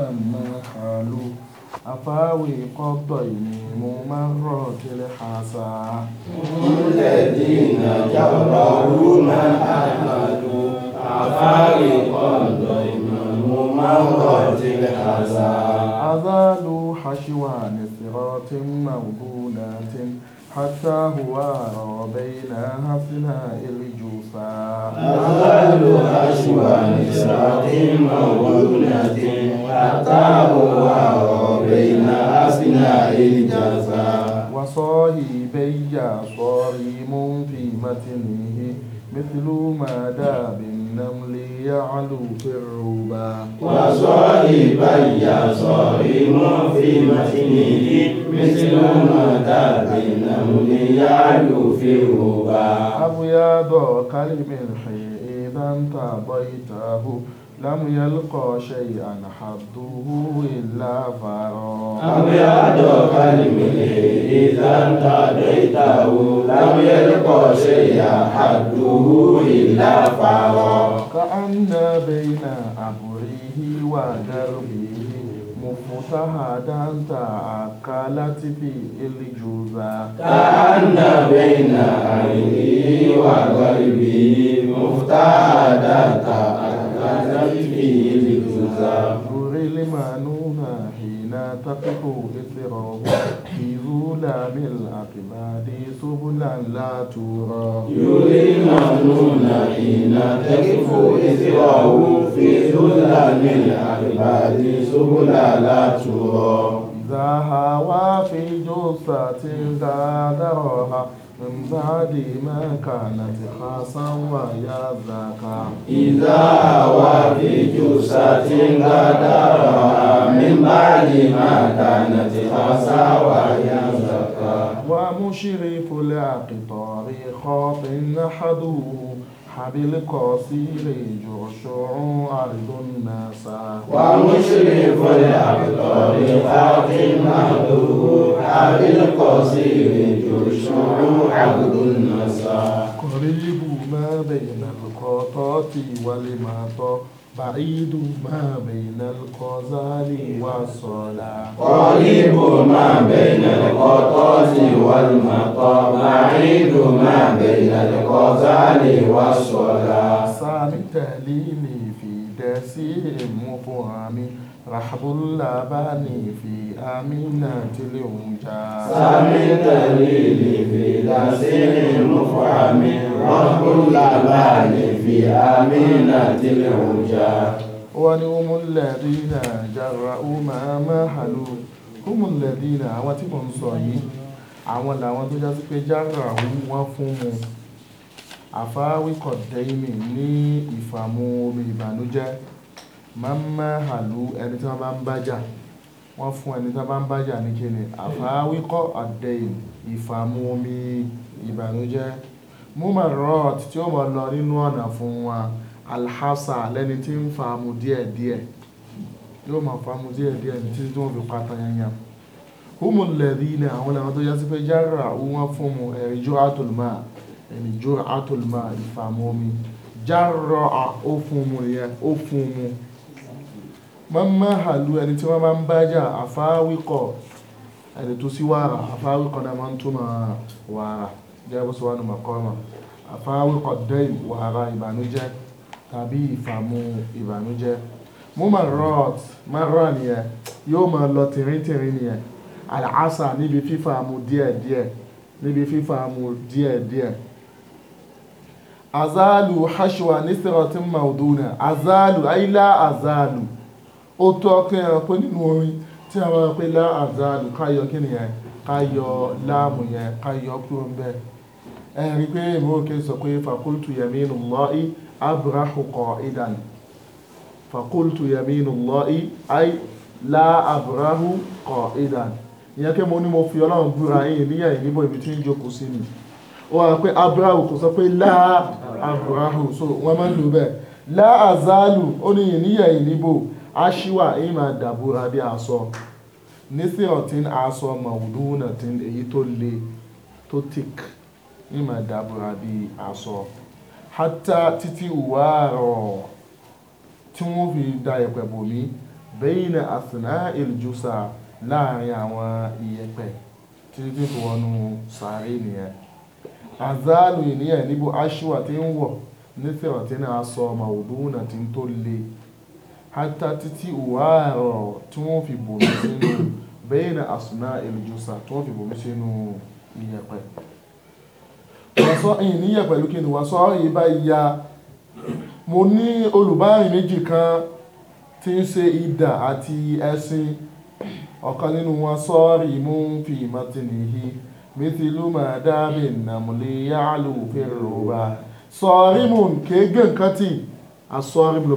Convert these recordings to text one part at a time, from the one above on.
مَّمَّنْ قَالُوا أَفَبِالْقَدَرِ مُنْكَرٍ هَٰذَا وَالَّذِينَ كَفَرُوا مَآبَدُوا أَفَبِالْقَدَرِ مُنْكَرٍ هَٰذَا أَزَالُوا حَشْوَانِ صِرَاطٍ مَّوْضُونَةٍ حتى هو بين حفناء الجوفاء أولها شوى نسرة موضونة حتى هوار بين حفناء الجوفاء وصاحبي صارم في متنه مثل ما داب النمل يعلو في الربا وصائبا يا صائم في مسنه مثل ما داب النمل يعلو في الربا أبيض كالملح إذا انتبيته لم يلقى شيئا حظه إلا فرار أم يعد كلمه إذا انتديته لم يلقى شيئا حظه إلا فرار كأن بين أبريه ودربه مفتهدا تأكلت فيه الجوزة كأن بين عينه وقلبه مفتهدا تأكلت عليه الجزاء حين تقف اضطراب في ظلام الأقبال سبلا لا ترى يري حين تقف اضطراب في ظلام الأقبال سبلا لا ترى إذا هوى في جثة غادرها من بعد ما كانت خاصا ويا ذاك إذا وفي جسة قدرها من بعد ما كانت خاصا ويا ذاك ومشرف الأقطار خاط نحدوه حبل قصير جرشع أرض الناس ومشرف الأقطار خاط نحدوه أبي القصيم تشمع عبد النساء قريب ما بين القطاط والمطاط بعيد ما بين القزال والصلاة قريب ما بين القطاس والمطى بعيد ما بين القزال والصلاة سامي تهليلي في تسير مفهمي rahbullabani fi amina tili unja samitali li fi dasini mufami rahbullabani fi amina tili unja wani umun ladina jara uma mahalu umun ladina àwọn tí mo ń sọ yìí àwọn làwọn tó jásí pé jara wọn fún mu àfáwíkọ̀ dẹ́yìnì ní ìfàmù omi ìbànújẹ́ mọ́mọ́hàlú ẹni tí wọ́n bá ń bájà wọ́n fún ẹni tí wọ́n bá ń bájà ní kíni àfáwíkọ́ àdẹ̀yìn ìfàmù omi ìbànújẹ́ múmọ̀rọ̀ tí ó mọ̀ lọ nínú ọ̀nà fún wa alhassa lẹ́ni tí ń fàmù díẹ̀díẹ̀ yóò máa fàmù díẹ̀díẹ̀ títí tí wọ́n fi pátá yanyan húmù lẹ̀dí ilẹ̀ àwọn ẹ̀rọ tó yásí pé jára wọ́n fún mu ẹ̀rìjọ́ àtòlùmá ẹ̀rìjọ́ àtòlùmá ìfàmù omi jára ó fún mu nìyẹn ó fún mu mọ́mọ́hàlú ẹni tí wọ́n máa ń bá jà àfáwíkọ̀ ẹni tó sí wàrà àfáwíkọ̀ náà máa ń túmọ̀ wàrà jẹ́ bó ṣe wà nù mọ̀kọ́mọ̀ àfáwíkọ̀ dẹ́yìn wàrà ìbànújẹ́ tàbí ìfàmù ìbànújẹ́ mú mà rọt má rọ nìyẹn yóò máa lọ tìrìntìrìn nìyẹn àlàásà níbi fífàmù díẹ̀díẹ̀ níbi fífàmù díẹ̀díẹ̀ azalu hashwa nisiratin mauduna azalu aila azalu ó tọ́ kí ẹ rọ pé nínú orin tí a máa pé lá àzàlù káyọ kí nìyẹn káyọ láàmù yẹn káyọ kúrò ń bẹ ẹ rí pé ìmúròkè sọ pé fàkúltù yaminu Allahi abrahu qa'idan fàkúltù yaminu Allahi ay lá abrahu qa'idan ìyẹn kí mo ní mo fi ọlọ́run búra yìí níyà ìníbọ̀ ibi tí ń jókòó sí ni ó wà pé abrahu kò sọ pé lá abrahu so wọ́n máa ń lò bẹ́ẹ̀ lá àzàlù ó ní ìníyà ìníbọ̀ ashiwa ima dabura bi aso nisi aso aṣọ mawuduna tin eyi tó le to tik ima dabura bi aso hata titi uwaarọ tí wọ́n fi da ìpẹ bomi bẹyìnà àsìná ìlújúsà láàrin àwọn ìyẹ̀pẹ̀ títí tí wọnú sàárè nìyẹn azalu ìníyàn níbo aṣíwà tí ń wọ̀ nífẹ̀ẹ́ ọ̀tí náà aṣọ màwùdúnà tí ń tó le hátà títí òwárọ̀ tí wọ́n fi bòmí sínú bẹ́yìn na àsùná ìlújúsà tí wọ́n fi bòmí sínú ìyẹ̀pẹ̀ wàsọ́ ẹ̀yìn níyẹ̀ pẹ̀lú kí ni wàsọ́ ẹ̀yìn bá ya mo ní olùbárìn méjì kan tí ń ṣe idà àti ẹṣin ọ̀kan nínú wọn sọ́ọ̀rì mú fi ìmọ̀tìnìyí mítìlú màdáàbì nàmúlé yáàlù rọ̀bà sọ́ọ̀rì mú kéègbè nǹkan tì àsọ́ọ̀rì mú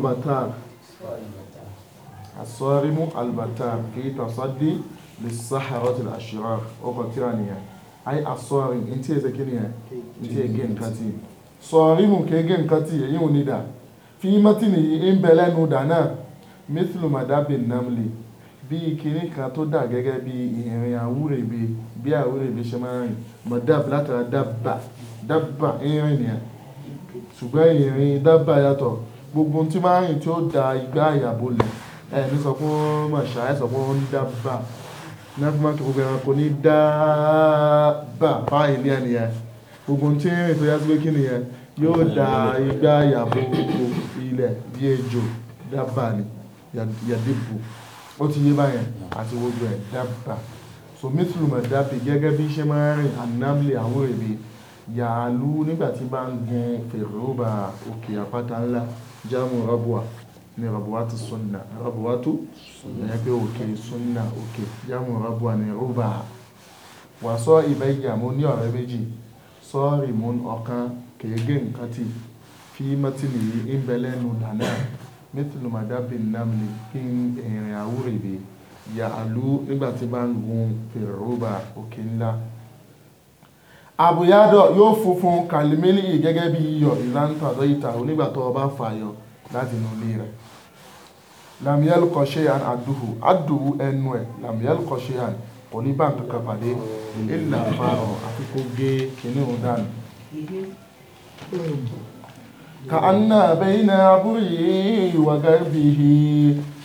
asọ́rímú albatan kìí tàṣádé lè sáhàrọ̀ tí àṣírà ọkọ̀ kíra nìyà ai asọ́rí in tí ẹsẹ̀ kí nìyà in tí ẹgẹ́ nǹkan tí sọ́rímù kẹgẹ́ nǹkan tí èyí ò ní dà fi mọ́tì nìyí ń bẹ lẹ́nu dà náà mithlu madabi namli bí kìíní kan tó dà gẹ́gẹ́ bí ìrìn àwúrèbe bí àwúrèbe ṣe máa rìn madab látara dábà dábà ìrìn nìyà ṣùgbọ́n ìrìn dábà yàtọ̀ gbogbo ohun tí máa ń rìn tí ó da igbá àyàbò lẹ̀ ẹ ní sọ pé ó mà ṣá ẹ sọ pé ó ń dábàá ní wọ́n fi máa ń kí gbogbo ẹranko ní dábàá báyìí ní ẹnìyẹn gbogbo ohun tí ń rìn tó yá sí pé kí nìyẹn yóò da igbá àyàbò ilẹ̀ bí ejò dábàá ni yàdìbò ó ti yé báyẹn àti gbogbo ẹ̀ dábàá so mithlu madabi gẹ́gẹ́ bí ṣe máa ń rìn anamli àwọn èbè yàálù nígbà tí bá ń gun fèrè ó ba òkè àpáta ńlá jáàmù rabuwa ní rabuwatu sunna rabuwatu ìyẹn pé òkè sunna òkè jáàmù rabuwa ní rúbà wà sọ ìbá ìyàmú ní ọ̀rẹ́ méjì sọ́ọ̀rì mú ọ̀kan kèégé nǹkan tì fi mọ́tìlì yìí ń bẹ lẹ́nu dáná mẹ́tìlì màdábì nàmì kí n ìrìn àwúrẹ̀ bè yà àlú nígbà tí bá ń gun àbùyádọ̀ yóò funfun kàlímélì gẹ́gẹ́ bí iyọ̀ ìrántà àdọ́yìtà onígbà tó bá fàyọ láti inú ilé rẹ̀ lamiel kọ́ṣẹ́yàn àdùhù àdùhù ẹnu ẹ̀ lamiel kọ́ṣẹ́yàn kò ní bá nǹkan kan pàdé ìlà àfarọ̀ àfi gé kinní òun dànù. ka anna bayna aburihi wa garbihi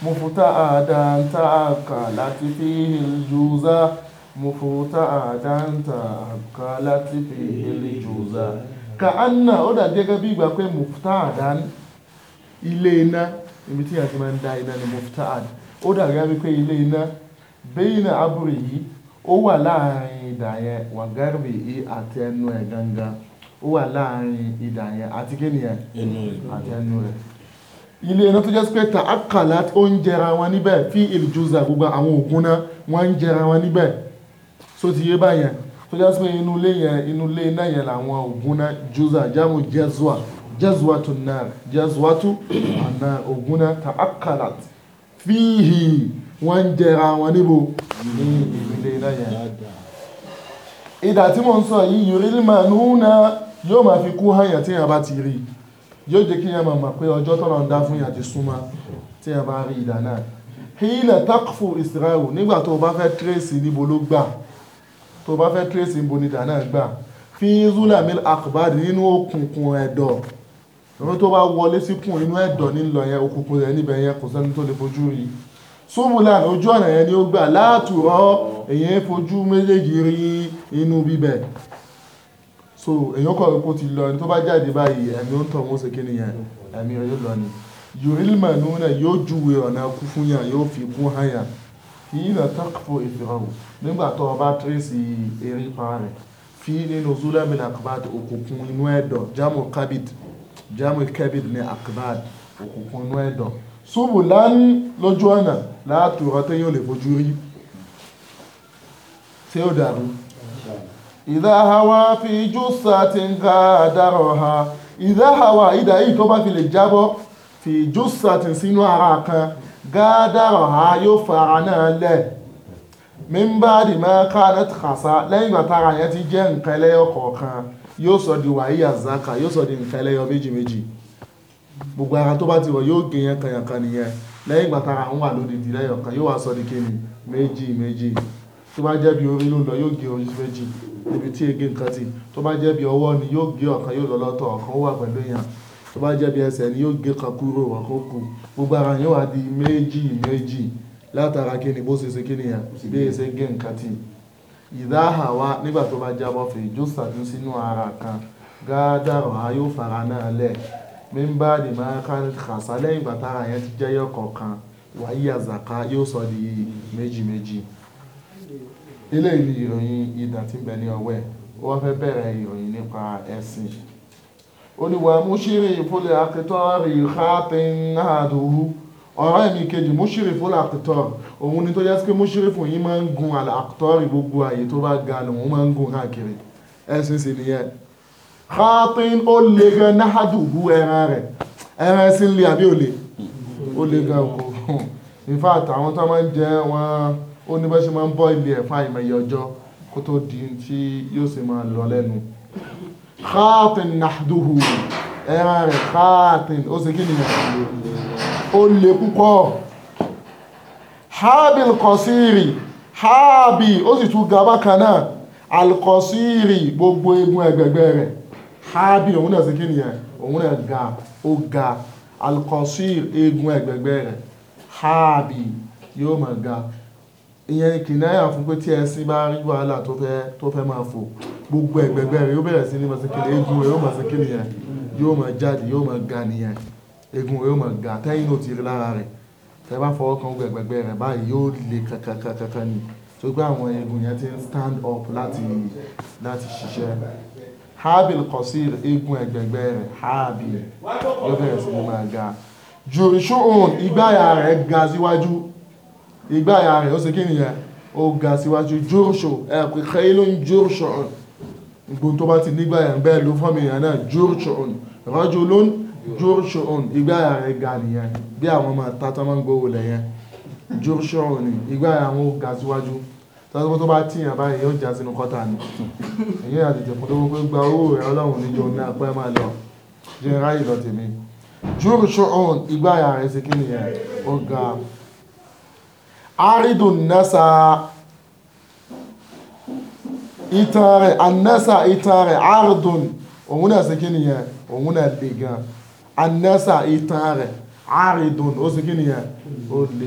mufuta adanta ta aka lati fihi juza mufuta'adanta àkàlàtì fi ilé jùzà ka anna ó dà gẹ́gẹ́ bí ìgbà pé mufuta'adan ilé iná ibi tí a ti máa ń da iná ni mufuta'ad ó dà gẹ́gẹ́ bí pé ilé iná bẹ́yìnà abúrò yìí ó wà láàrin ìdà yẹn àti ẹnu ẹ̀ e gangan ó wà láàrin ìdà àti kíni àti e? e. ẹnu rẹ̀ ilé iná tó jẹ́ pé ta àkàlà ó ń jẹra wọn níbẹ̀ fi ìlú jùzà gbogbo àwọn òkun náà wọ́n ń jẹra wọn níbẹ̀ so ti yé báyẹn tó já sí pé inú ilé yẹn inú ilé iná yẹn làwọn ògùn náà jùzà jámù jẹ́zùà jẹ́zùà tó náà jẹ́zùà tó àná ògùn náà ta akalat fíhì wọ́n ń jẹra wọn níbo ní ìrìlẹ̀ iná yẹn. ìdà tí mo ń sọ yìí yorùbá máa ń húnà yóò máa fi kú hàyàn tí yàn bá ti rí yóò jẹ́ kí yàn máa mọ̀ pé ọjọ́ tọ́nà ń dá fún yàn ti súnmọ́ tí yàn bá rí ìdà náà hílẹ̀ takfù ìsirahù nígbà tó o bá fẹ́ tírèsì níbo ló gbà tó bá fẹ́ tírèsì níbo ni dànù gbà fi zula mil akbar nínú òkùnkùn ẹ̀dọ̀ ìwé tó bá wọlé síkùn inú ẹ̀dọ̀ nílọ yẹn òkùnkùn rẹ̀ níbẹ̀ yẹn kò sẹ́ni tó lè fojú rí súnmùlàn ojú ọ̀nà yẹn ni ó gbà látùrọ̀ èyàn fojú méjèèjì rí inú bíbẹ̀ so èyàn kọ̀ pé ti lọ ní tó bá jáde báyìí ẹ̀mí ó ń tọ̀ wọ́n ṣe kí nìyẹn ẹ̀mí ọ̀yọ́ lọ ni yorùbá náà yóò júwe ọ̀nà kú fún yàn yóò fi kún hàn yàn fi ilẹ̀ takfo ìfihàn nígbà tó o bá tírèsì erípa rẹ̀ fi nínú zulamina akbad òkùnkùn inú ẹ̀dọ̀ jamu kabid jamu kabid ní akbad òkùnkùn inú ẹ̀dọ̀ ṣubú láń lójú ọ̀nà látòrọ tó yóò lè fojú rí tí ó dàrú ìdá hawa fi jú sàtì ń ká àdárọ̀ ha ìdá hawa ìdá yìí tó bá fi lè jábọ́ fi jú sàtì sínú ara kan gádàrọ̀ ha yóò fara náà lẹ̀ mímbàdì máa káàdà tàṣà lẹ́yìn ìgbà tára yẹn ti jẹ́ nǹkan ẹlẹ́yọ kọ̀ọ̀kan yóò sọ di wàhíyà zaka yóò sọ di nǹkan ẹlẹ́yọ méjì méjì gbogbo ara tó bá ti wọ̀ yóò gé yẹn kanyankan nìyẹn lẹ́yìn ìgbà tára ń wà lódìdí lẹ́yọ kan yóò wá sọ di kíni méjì méjì tó bá jẹ́ bí orí ló lọ yóò gé orí méjì níbi tí ege nǹkan ti tó bá jẹ́ bí ọwọ́ ni yóò gé ọ̀kan yóò lọ lọ́tọ̀ ọ̀kan wà pẹ̀lú èèyàn tó bá jẹ́ bí ẹsẹ̀ ni yóò gé kan kúrò wọn kó kú gbogbo ara yóò wá di méjì méjì látara kí ni bó ṣe ṣe kí ni bí ẹsẹ̀ gé nǹkan tì ìdáhà wa nígbà tó bá jábọ́ fè jó sàdún sínú ara kan gádàrọ̀ a yóò fara náà lẹ̀ mímbà ní máa ká kàṣà lẹ́yìn bàtàrà yẹn ti jẹ́yọ̀ kọ̀ọ̀kan wàyí àzàká yóò sọ di méjì méjì eléyìí ni ìròyìn ìdà tí ní ọwọ́ ẹ̀ fẹ́ bẹ̀rẹ̀ ìròyìn nípa ẹ̀sìn oníwà mọ́ṣírì ìfọlẹ̀ akitọ́ rí xaatin àdùhù ọ̀rọ̀ ẹ̀mí kejì mọ́ṣírì ìfọlẹ̀ akitọ́ òun ni tó yẹ kí mọ́ṣírì fún yín máa ń gun àkitọ́ rí gbogbo àyè tó bá ga lòun máa ń gun káàkiri ẹ̀sìn sì nìyẹn xaatin ó le gan náà àdùhù ẹran rẹ̀ ẹran ẹ̀sìn lé àbí òlè ó le gan kó in fact àwọn tó máa ń jẹ wọn ó ní bá ṣe máa ń bọ́ ilé ẹ̀fọ́ àìmọye ọjọ́ kó tó di tí yóò sì máa lọ lẹ́nu khatin nahduhu ẹran rẹ̀ khatin ó ṣe kí ni ó lè púpọ̀ habil kọsírì haabi ó sì tún ga bákan náà alkọsírì gbogbo egun ẹgbẹ̀gbẹ̀ rẹ̀ haabi òun náà ṣe kí ni ẹ̀ òun náà ga ó ga alkọsírì egun ẹgbẹ̀gbẹ̀ rẹ̀ haabi yóò máa ga ìyẹn ni kìnìyà fún pé tí ẹṣin bá rí wàhálà tó fẹ́ máa fò gbogbo ẹ̀gbẹ̀gbẹ̀ rẹ̀ yóò bẹ̀rẹ̀ sí ní mọ̀sẹ̀kìlì egun rẹ̀ yóò mọ̀sẹ̀kìlì yẹn yóò máa jáde yóò máa ga nìyẹn egun rẹ̀ yóò máa ga tẹ́yìn ló ti rí lára rẹ̀ tẹ́ bá fọwọ́ kan gbẹ̀gbẹ̀gbẹ̀ rẹ̀ báyìí yóò le kankankankan ni tó gbé àwọn egun yẹn ti ń stand up láti láti ṣiṣẹ́ habil kọsir egun ẹ̀gbẹ̀gbẹ̀ rẹ̀ habil yóò bẹ̀rẹ̀ sí ní máa ga jùrìṣùn ìgbáyà rẹ̀ ga síwájú ìgbà àyà rẹ̀ ó ṣe kí nìyẹn ó ga síwájú jórṣò ẹ̀pẹ̀ kẹ́lú ń jórṣò ọ̀n gbogbo tó bá ti nígbà àyà bẹ́ẹ̀ ló fọ́mì èèyàn náà jórṣò ọ̀n rọ́jò ló ń jórṣò ọ̀n ìgbà àyà rẹ̀ ga nìyẹn bí àwọn ọmọ tata máa ń gbowó lẹ́yìn jórṣò ọ̀n ìgbà àyà wọn ó ga síwájú tọ́jọ́ tó bá tíyàn báyìí yóò já sínú kọ́ta ni èyí àtẹ̀tẹ̀ fún lówó pé gba owó rẹ̀ ọlọ́run níjọ ní apẹ́ máa lọ jẹ́ ráyè lọ tèmi jórṣò ọ̀n ìgbà àyà rẹ̀ ṣe kí nìyẹn ó ga Aridun nasa itare, anasa itare, aridun, rẹ̀ àrídùn òun náà sí kí nìyẹn òun náà lè gan anẹ́sà ìtàn rẹ̀ àrídùn ó sì kí nìyẹn ó lè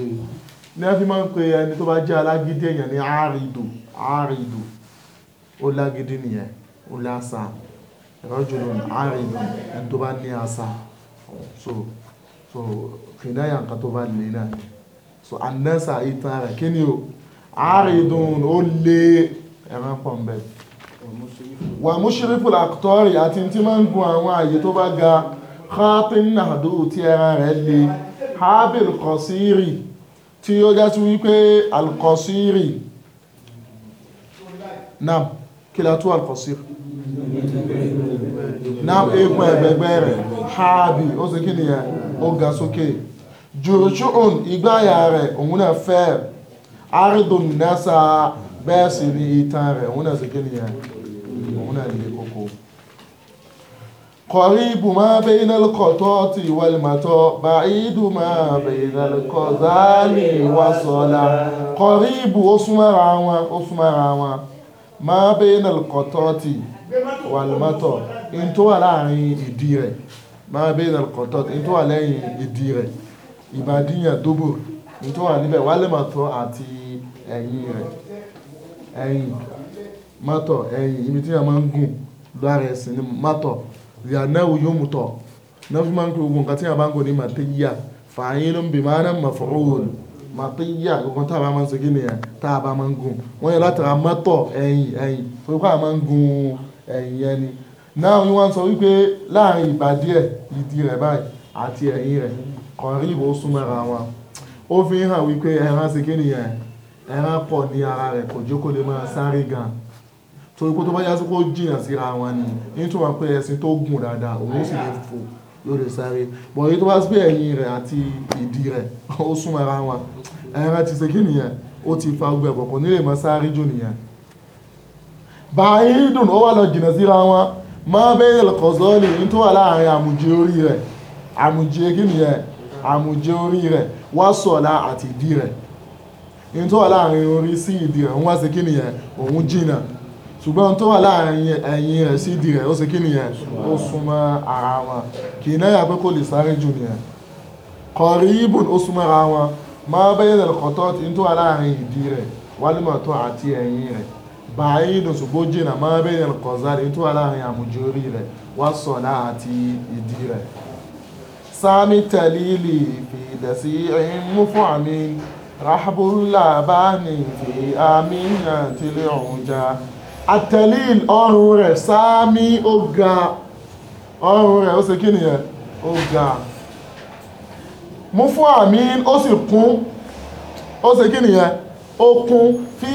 ní ẹ́ fi máa ń pe ẹni tó bá jẹ́ alágídí èèyàn ní àrídù àrídù ó lágídí nìyẹn ó lásà rọ́jùlọ àrídù ẹni tó bá ní àṣà so so kìnnáyà nǹkan tó bá lè náà so anasa ìtàn rẹ̀ kí ni o àárídùn ó lé ẹran pọ̀ ń bẹ̀ wà múṣírífù làkútọ́rì àti tí máa ń gun àwọn àyè tó bá ga khatin nahdu tí ẹran rẹ̀ le habil kọsírì tí ó já sí wípé alkọsírì náà kí la tú alkọsírì náà eegun ẹ̀gbẹ̀gbẹ̀ rẹ̀ haabi ó sì kí ni ẹ̀ ó ga sókè. Okay jùrùṣùn ìgbáyà rẹ̀ òun náà fẹ́ àrídùn nẹ́sà bẹ́ẹ̀ sì ni ìtàn rẹ̀ òun náà sì kí nìyẹn òun náà lè kókó kọ̀ríbù máa bẹ iná lọ́kọ̀ tọ́ ti ìwà ìmọ̀tọ́ bá ìdù máa bẹ iná lọ́kọ̀ záàlì ìwà sọ́lá kọ̀ríbù ó súnmọ́ra wọn ó wọn máa bẹ iná lọ́kọ̀ tọ́ ti ìwà ìmọ̀tọ́ láàrin ìdí rẹ̀ máa bẹ iná lọ́kọ̀ tọ́ ti in lẹ́yìn ìdí rẹ̀ ìbàdíyàn dóbò nítorí wà níbẹ̀ wálé mọ̀tọ́ àti ẹ̀yìn rẹ̀ ẹ̀yìn mọ́tọ̀ ẹ̀yìn ibi tí wọ́n máa ń gùn lára ẹ̀sìn ni mọ́tọ̀ ìyànáwó yóò mú tọ̀ náà fi máa ń kí ogun nǹkan tí wọ́n bá ń gùn ní màtíyà fàáyín ló ń bì máa ń maf'ul màtíyà ogun tá a bá máa ń segin nìyẹn tá máa ń gùn wọ́n yẹ látara mọ́tọ̀ ẹ̀yìn ẹ̀yìn torí pé máa ń gùn ẹ̀yìn ẹni náà wọ́n sọ wípé láàrin ìbàdí ẹ̀ ìdí rẹ̀ báyìí àti ẹ̀yìn rẹ̀ kọ̀ríbù ó súnmọ́ ara wọn ó fi ń hàn wípé ẹran ṣe kí nìyẹn ẹran pọ̀ ní ara rẹ̀ kò jókòó lè máa sáré gan torí pé tó bá yásí kó jìnnà síra wọn ni nítorí wọn pé ẹṣin tó gùn dáadáa òun ó sì lè fò lórí sáré bọ̀ èyí tó bá gbé ẹ̀yìn rẹ̀ àti ìdí rẹ̀ ó súnmọ́ ara wọn ẹran ti ṣe kí nìyẹn ó ti fa gbogbo ẹ̀bọ̀ kò ní lè máa sáré jù nìyẹn báyìí dùn ó wà lọ jìnnà síra wọn máa bẹ́ẹ̀ lọ́kọ̀ọ́sọ́ nìyí wà láàrin àmùjẹ orí rẹ̀ àmùjẹ kí nìyẹn àmùjẹ orí rẹ̀ wọ́n sọ̀lá àti ìdí rẹ̀ in tó wà láàrin orí sí ìdí rẹ̀ wọ́n ṣe kí nìyẹn òun jìnà ṣùgbọ́n tó wà láàrin ẹ̀yìn rẹ̀ sí ìdí rẹ̀ ó ṣe kí nìyẹn ó súnmọ́ ara wọn kì í náyà pé kò lè sáré jù nìyẹn qaribun ó súnmọ́ ara wọn ma bayna al-khatat in tó wà láàrin ìdí rẹ̀ wálùmọ̀tọ́ àti ẹ̀yìn rẹ̀ báyìí dùn ṣùgbọ́n jìnà ma bayna al-qazar in tó wà láàrin àmùjọ orí rẹ̀ wá sọ̀lá àti ìdí rẹ̀ sami talili fi dasi'in mufu'amin rahabul labani fi amina tili ọ̀húnjá atalil ọrùn rẹ̀ sami ó ga ọrùn rẹ̀ ó ṣe kí nìyẹn ó ga mufu'amin ó sì kún ó ṣe kí nìyẹn ó kún fi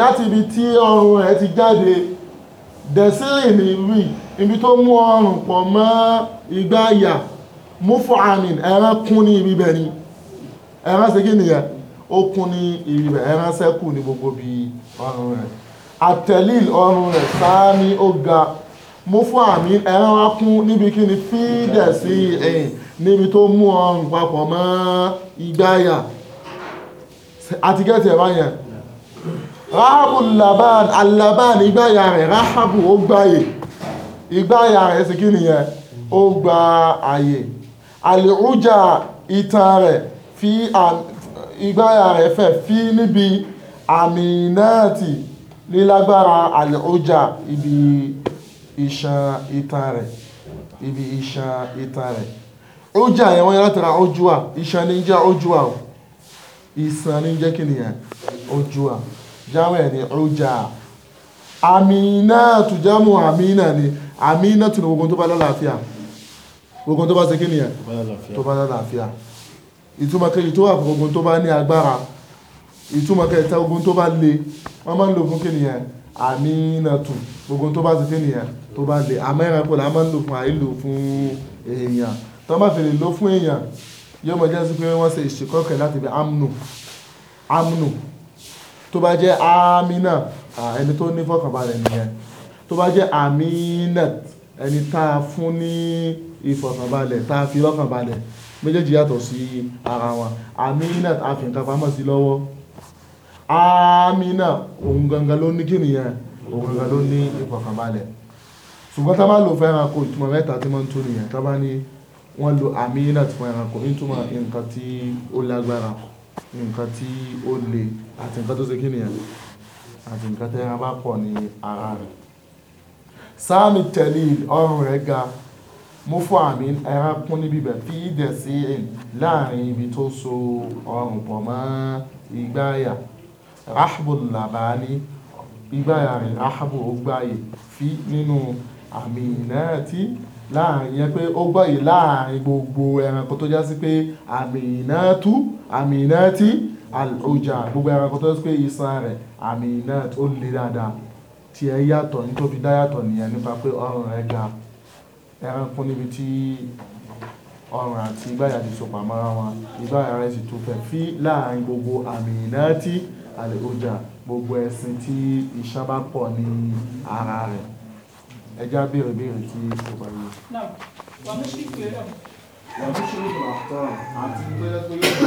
láti ibi tí ọrùn rẹ̀ ti jáde dasi'in ni wí ibi tó mú ọrùn pọ̀ mọ́ igbá yà múfù àmìn ẹran kún ní ibi bẹ̀ ni ẹran ṣe kí nìyẹn ó kún ní ibi bẹ̀ ẹran ṣẹ́kù ní gbogbo bí ọrùn rẹ̀ àtẹ̀lìl ọrùn rẹ̀ sáá ní ó ga múfù àmìn ẹran wá kún níbi kí ni fídẹ̀ sí ẹ̀yìn níbi tó mú ọrùn papọ̀ mọ́ ìgbáyà àti gẹ́ẹ̀tì ẹ̀bá yẹn ráhàbù laban alaban ìgbáyà rẹ̀ ráhàbù ó gbáyè ìgbáyà rẹ̀ sì kí nìyẹn ó gba àyè àlèrújà ìtàn rẹ̀ fi ìgbáyà rẹ̀ fẹ̀ fi níbi àmì náà ti lílágbára àlèrújà ibi ìṣàn ìtàn rẹ̀ ibi ìṣàn ìtàn rẹ̀ rújà yẹn wọ́n yẹn látara ojúwà ìṣàn ní jẹ́ ojúwà o ìṣàn ni jẹ́ kí nìyẹn ojúwà jáwé ní rújà àmì náà tùjẹ́mù àmì náà ni àmì náà tùnú ogun tó bá lọ́làáfíà ogun tó bá ṣe kí nìyẹn tó bá lálàáfíà ìtumọ̀ kejì tó wà fún ogun tó bá ní agbára ìtumọ̀ kẹta ogun tó bá le wọ́n máa ń lò fún kí nìyẹn àmínàtù ogun tó bá ṣe kí nìyẹn tó bá le àmẹ́rin kò láà máa ń lò fún àìlò fún èèyàn tó bá fi lè fún èèyàn yóò mọ̀ jẹ́ sí pé wọ́n ṣe ìṣèkọ́kẹ́ láti fi amnu amnu tó bá jẹ́ amina ẹni tó ní fọkànbalẹ̀ nìyẹn tó bá jẹ́ aminat ẹni tá a fún ní ìfọ̀kànbalẹ̀ tá a fi lọ́kàn balẹ̀ méjèèjì yàtọ̀ sí ara wọn àmínà a fi nǹkan pamọ́ sí lọ́wọ́ àmínà òun gangan ló ní kíni yẹn òun gangan ló ní ìfọ̀kànbalẹ̀ ṣùgbọ́n tá bá lò fún ẹranko ìtumọ̀ mẹ́ta tí wọ́n ń tún nìyẹn tá bá ní wọ́n lo bá pọ̀ ní ara rẹ̀ sáàmì tẹ̀lé ọrùn rẹ̀ ga mufaamin ẹran kún níbi bẹ̀ fi dẹ̀ sí ẹ̀ láàrin ibi tó so ọrùn pọ̀ mọ́ ìgbáyà rahbu labani ìgbáyà rẹ̀ rahbu ó gbáyè fi nínú àmì náà tí láàrin yẹn pé ó gbáyè láàrin gbogbo ẹranko tó já sí pé àmì náà tú àmì náà tí ọjà gbogbo ẹranko tó já sí pé iṣan rẹ̀ àmì náà ó le dáadáa tiẹ̀ yàtọ̀ nítorí dá nìyẹn nípa pé ọrùn rẹ̀ ga ẹranko níbi tí ọrùn àti igbáyà ti sopọ̀ mọ́ra wọn igbáyà rẹ̀ sì tún fẹ̀ fí láàrin gbogbo àmì ìnáàtì àlèkójà gbogbo ẹ̀sìn tí iṣan bá pọ̀ ní ara rẹ̀ ẹjá béèrè béèrè tí kò bá yẹ. wàá mú sí ìpínlẹ̀ yẹ.